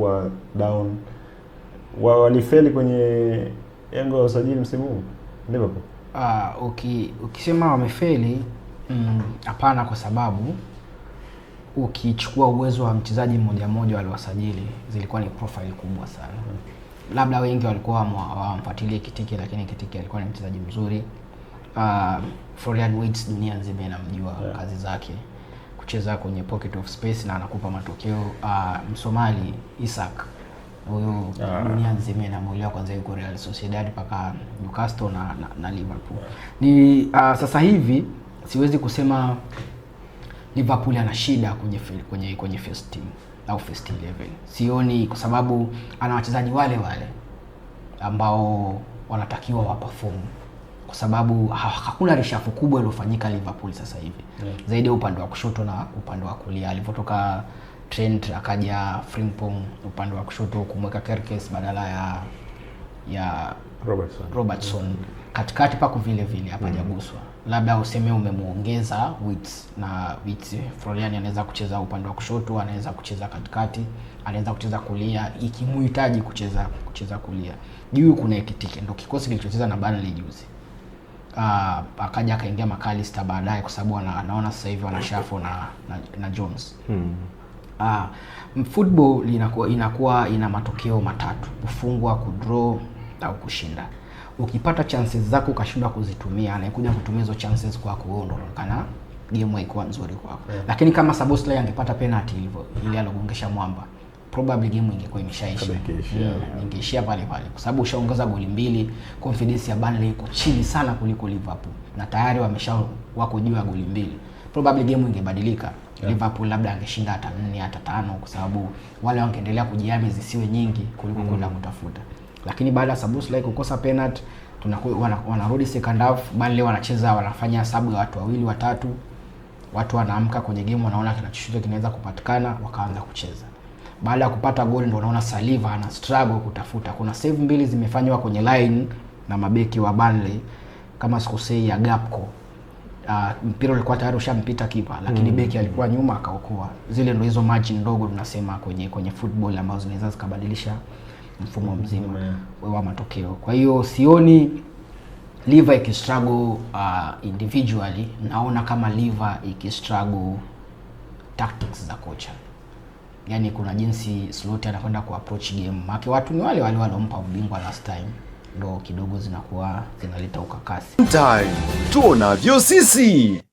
kuwa down wa walifeli kwenye engo ya usajili msimu huu Liverpool? Ah, uki, ukisema wamefeli mm, hapana, mm, kwa sababu ukichukua uwezo wa mchezaji mmoja mmoja waliwasajili zilikuwa ni profile kubwa sana. Mm. Labda wengi walikuwa hawamfuatilie Kitiki, lakini Kitiki alikuwa ni mchezaji mzuri. Uh, Florian Wirtz dunia nzima inamjua yeah, kazi zake kucheza kwenye pocket of space na anakupa matokeo. Uh, Msomali Isak huyu ah. dunia nzima inamuelewa kwanza, yuko Real Sociedad mpaka Newcastle na, na, na Liverpool ni uh, sasa hivi siwezi kusema Liverpool ana shida kwenye kwenye kwenye first team au first 11 sioni, kwa sababu ana wachezaji wale wale ambao wanatakiwa perform kwa sababu hakuna reshafu kubwa iliyofanyika Liverpool sasa hivi yeah. zaidi ya upande wa kushoto na upande wa kulia alivyotoka Trent akaja Frimpong upande wa kushoto kumweka Kerkes badala ya ya Robertson, Robertson. Mm -hmm. katikati pako vile vile hapajaguswa mm -hmm. labda useme umemwongeza Wits na Wits Florian anaweza kucheza upande wa kushoto anaweza kucheza katikati anaweza kucheza kulia ikimuhitaji kucheza kucheza kulia juu kuna Ekitike ndio kikosi kilichocheza na Burnley juzi uh, akaja akaingia makalista baadaye, kwa sababu anaona sasa hivi wanashafu na, na, na Jones hmm. Uh, football inakuwa, inakuwa ina matokeo matatu: kufungwa, kudraw au kushinda. Ukipata chances zako ukashindwa kuzitumia, anayekuja kutumia hizo chances kwako wewe ndio unaonekana game haikuwa nzuri kwako, yeah. Lakini kama Szoboszlai angepata penalty hivyo ile alogongesha mwamba probably game ingekuwa imeshaisha, ingeishia pale pale, kwa sababu ushaongeza goli mbili. Confidence ya Burnley iko chini sana kuliko Liverpool na tayari wamesha wako juu ya goli mbili, probably game ingebadilika. Yeah. Liverpool labda angeshinda hata nne hata tano kwa sababu wale wangeendelea kujihami zisiwe nyingi kuliko kwenda mm. kutafuta, lakini baada ya Szoboszlai kukosa penalty wanarudi second half, Burnley wanacheza, wanafanya sabu ya watu wawili watatu, watu wanaamka kwenye game, wanaona kinachoshusha kinaweza kupatikana, wakaanza kucheza baada ya kupata goli ndio unaona Saliva ana struggle kutafuta. Kuna save mbili zimefanywa kwenye line na mabeki wa Burnley kama sikosei ya Gapco. Uh, mpira ulikuwa tayari ushampita kipa lakini mm, beki alikuwa nyuma akaokoa. Zile ndio hizo margin ndogo tunasema kwenye kwenye football ambazo zinaweza zikabadilisha mfumo mm, mzima mm, wa matokeo. Kwa hiyo sioni Liver ikistruggle uh, individually, naona kama Liver ikistruggle tactics za kocha yani kuna jinsi Slot anakwenda approach game, make watu ni wale wale walompa ubingwa last time, ndo kidogo zinakuwa zinaleta ukakasi. Time tuonavyo sisi.